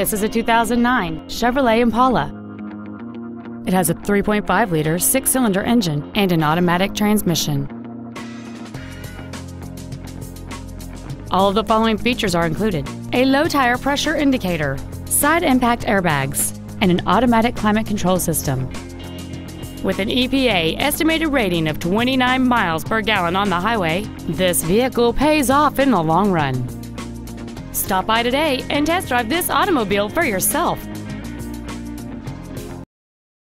This is a 2009 Chevrolet Impala. It has a 3.5 liter six cylinder engine and an automatic transmission. All of the following features are included a low tire pressure indicator, side impact airbags, and an automatic climate control system. With an EPA estimated rating of 29 miles per gallon on the highway, this vehicle pays off in the long run. Stop by today and test drive this automobile for yourself.